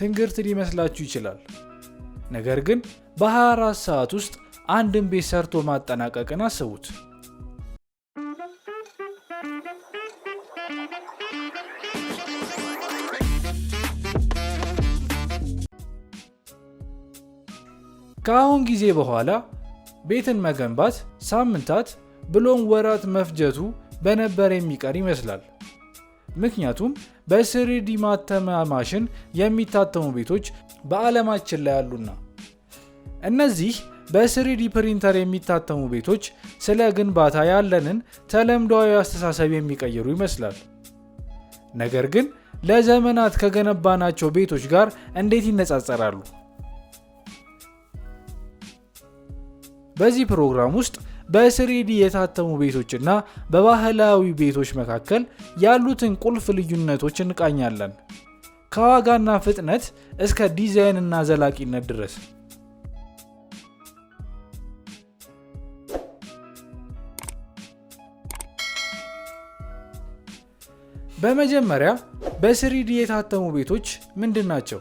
ትንግርት ሊመስላችሁ ይችላል። ነገር ግን በ24 ሰዓት ውስጥ አንድን ቤት ሰርቶ ማጠናቀቅን አስቡት። ከአሁን ጊዜ በኋላ ቤትን መገንባት ሳምንታት ብሎም ወራት መፍጀቱ በነበር የሚቀር ይመስላል። ምክንያቱም በስሪዲ ማተሚያ ማሽን የሚታተሙ ቤቶች በዓለማችን ላይ አሉና። እነዚህ በስሪዲ ፕሪንተር የሚታተሙ ቤቶች ስለ ግንባታ ያለንን ተለምዷዊ አስተሳሰብ የሚቀይሩ ይመስላል። ነገር ግን ለዘመናት ከገነባናቸው ቤቶች ጋር እንዴት ይነጻጸራሉ? በዚህ ፕሮግራም ውስጥ በስሪዲ የታተሙ ቤቶችና በባህላዊ ቤቶች መካከል ያሉትን ቁልፍ ልዩነቶች እንቃኛለን። ከዋጋና ፍጥነት እስከ ዲዛይን እና ዘላቂነት ድረስ በመጀመሪያ በስሪዲ የታተሙ ቤቶች ምንድን ናቸው?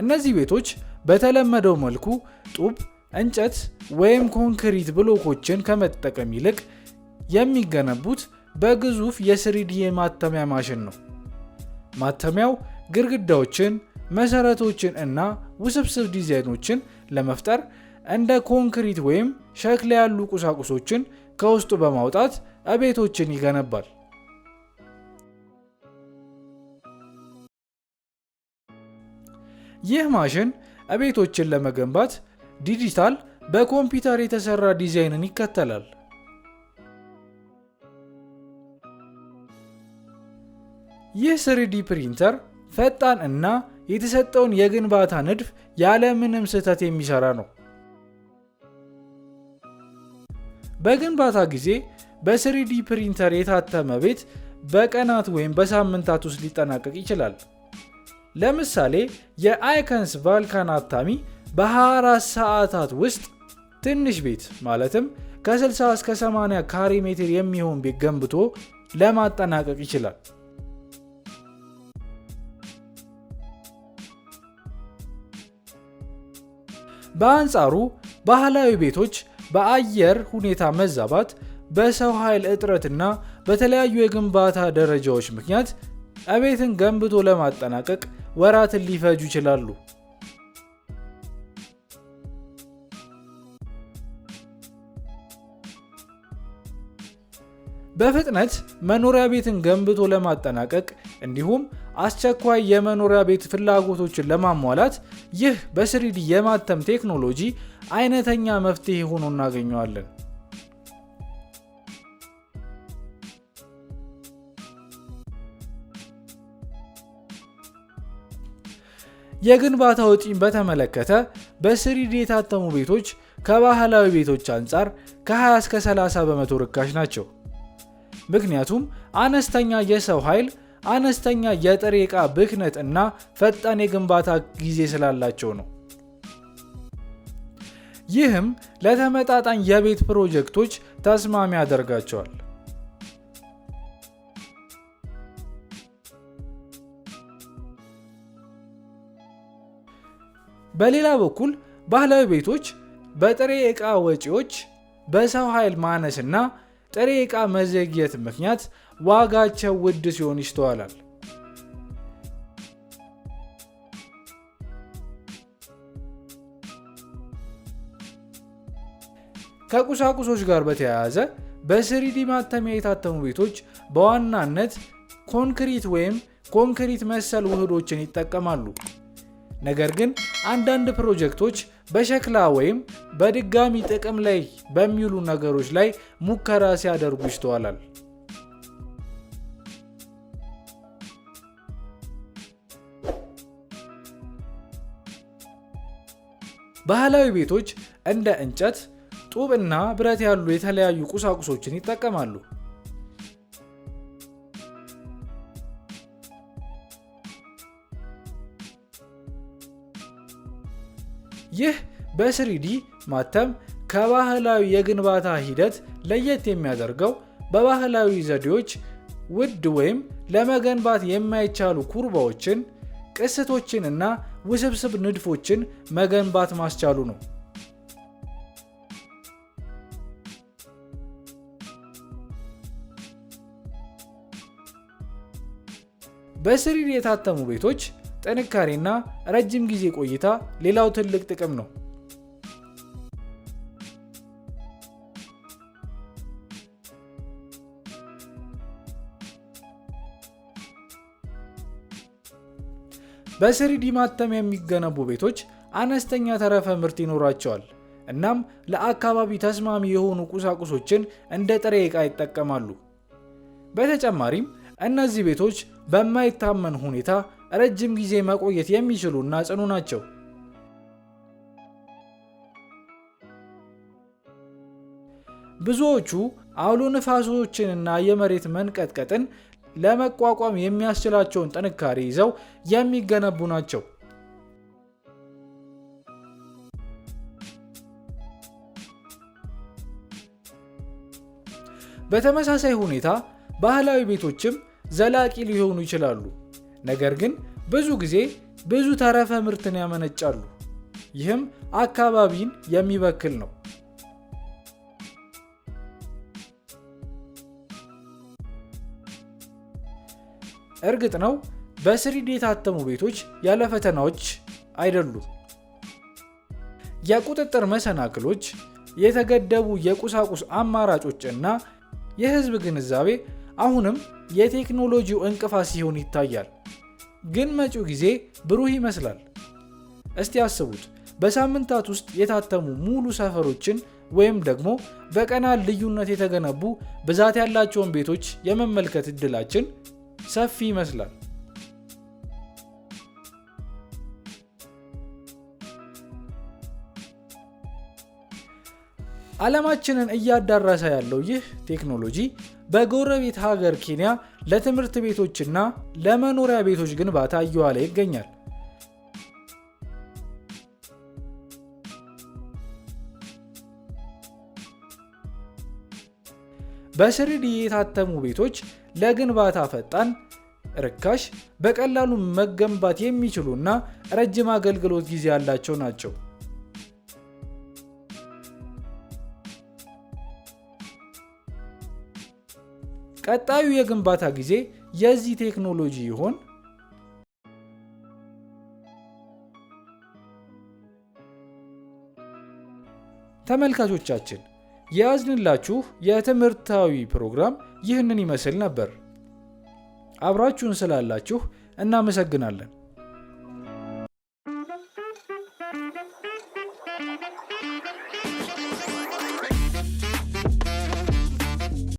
እነዚህ ቤቶች በተለመደው መልኩ ጡብ እንጨት ወይም ኮንክሪት ብሎኮችን ከመጠቀም ይልቅ የሚገነቡት በግዙፍ የስሪዲ ማተሚያ ማሽን ነው። ማተሚያው ግድግዳዎችን፣ መሰረቶችን እና ውስብስብ ዲዛይኖችን ለመፍጠር እንደ ኮንክሪት ወይም ሸክላ ያሉ ቁሳቁሶችን ከውስጡ በማውጣት እቤቶችን ይገነባል። ይህ ማሽን እቤቶችን ለመገንባት ዲጂታል በኮምፒውተር የተሰራ ዲዛይንን ይከተላል። ይህ ስሪዲ ፕሪንተር ፈጣን እና የተሰጠውን የግንባታ ንድፍ ያለምንም ስህተት የሚሰራ ነው። በግንባታ ጊዜ በስሪዲ ፕሪንተር የታተመ ቤት በቀናት ወይም በሳምንታት ውስጥ ሊጠናቀቅ ይችላል። ለምሳሌ የአይከንስ ቫልካን አታሚ በ24 ሰዓታት ውስጥ ትንሽ ቤት ማለትም ከ60 እስከ 80 ካሬ ሜትር የሚሆን ቤት ገንብቶ ለማጠናቀቅ ይችላል። በአንጻሩ ባህላዊ ቤቶች በአየር ሁኔታ መዛባት፣ በሰው ኃይል እጥረትና በተለያዩ የግንባታ ደረጃዎች ምክንያት እቤትን ገንብቶ ለማጠናቀቅ ወራትን ሊፈጁ ይችላሉ። በፍጥነት መኖሪያ ቤትን ገንብቶ ለማጠናቀቅ እንዲሁም አስቸኳይ የመኖሪያ ቤት ፍላጎቶችን ለማሟላት ይህ በስሪዲ የማተም ቴክኖሎጂ አይነተኛ መፍትሄ ሆኖ እናገኘዋለን። የግንባታ ወጪን በተመለከተ በስሪዲ የታተሙ ቤቶች ከባህላዊ ቤቶች አንጻር ከ20 እስከ 30 በመቶ ርካሽ ናቸው። ምክንያቱም አነስተኛ የሰው ኃይል፣ አነስተኛ የጥሬ ዕቃ ብክነት እና ፈጣን የግንባታ ጊዜ ስላላቸው ነው። ይህም ለተመጣጣኝ የቤት ፕሮጀክቶች ተስማሚ ያደርጋቸዋል። በሌላ በኩል ባህላዊ ቤቶች በጥሬ ዕቃ ወጪዎች፣ በሰው ኃይል ማነስ እና ጥሬ ዕቃ መዘግየት ምክንያት ዋጋቸው ውድ ሲሆን ይስተዋላል። ከቁሳቁሶች ጋር በተያያዘ በስሪዲ ማተሚያ የታተሙ ቤቶች በዋናነት ኮንክሪት ወይም ኮንክሪት መሰል ውህዶችን ይጠቀማሉ። ነገር ግን አንዳንድ ፕሮጀክቶች በሸክላ ወይም በድጋሚ ጥቅም ላይ በሚውሉ ነገሮች ላይ ሙከራ ሲያደርጉ ይስተዋላል። ባህላዊ ቤቶች እንደ እንጨት፣ ጡብ እና ብረት ያሉ የተለያዩ ቁሳቁሶችን ይጠቀማሉ። ይህ በስሪዲ ማተም ከባህላዊ የግንባታ ሂደት ለየት የሚያደርገው በባህላዊ ዘዴዎች ውድ ወይም ለመገንባት የማይቻሉ ኩርባዎችን፣ ቅስቶችን እና ውስብስብ ንድፎችን መገንባት ማስቻሉ ነው። በስሪድ የታተሙ ቤቶች ጥንካሬና ረጅም ጊዜ ቆይታ ሌላው ትልቅ ጥቅም ነው። በስሪዲ ማተም የሚገነቡ ቤቶች አነስተኛ ተረፈ ምርት ይኖራቸዋል። እናም ለአካባቢ ተስማሚ የሆኑ ቁሳቁሶችን እንደ ጥሬ ዕቃ ይጠቀማሉ። በተጨማሪም እነዚህ ቤቶች በማይታመን ሁኔታ ረጅም ጊዜ መቆየት የሚችሉ እና ጽኑ ናቸው። ብዙዎቹ አውሎ ንፋሶችንና የመሬት መንቀጥቀጥን ለመቋቋም የሚያስችላቸውን ጥንካሬ ይዘው የሚገነቡ ናቸው። በተመሳሳይ ሁኔታ ባህላዊ ቤቶችም ዘላቂ ሊሆኑ ይችላሉ። ነገር ግን ብዙ ጊዜ ብዙ ተረፈ ምርትን ያመነጫሉ። ይህም አካባቢን የሚበክል ነው። እርግጥ ነው በስሪዲ የታተሙ ቤቶች ያለ ፈተናዎች አይደሉም። የቁጥጥር መሰናክሎች፣ የተገደቡ የቁሳቁስ አማራጮች እና የህዝብ ግንዛቤ አሁንም የቴክኖሎጂው እንቅፋት ሲሆን ይታያል። ግን መጪው ጊዜ ብሩህ ይመስላል። እስቲ አስቡት፣ በሳምንታት ውስጥ የታተሙ ሙሉ ሰፈሮችን ወይም ደግሞ በቀናት ልዩነት የተገነቡ ብዛት ያላቸውን ቤቶች የመመልከት እድላችን ሰፊ ይመስላል። ዓለማችንን እያዳረሰ ያለው ይህ ቴክኖሎጂ በጎረቤት ሀገር ኬንያ ለትምህርት ቤቶችና ለመኖሪያ ቤቶች ግንባታ እየዋለ ይገኛል። በስሪዲ የታተሙ ቤቶች ለግንባታ ፈጣን፣ ርካሽ፣ በቀላሉ መገንባት የሚችሉና ረጅም አገልግሎት ጊዜ ያላቸው ናቸው። ቀጣዩ የግንባታ ጊዜ የዚህ ቴክኖሎጂ ይሆን? ተመልካቾቻችን የያዝንላችሁ የትምህርታዊ ፕሮግራም ይህንን ይመስል ነበር። አብራችሁን ስላላችሁ እናመሰግናለን።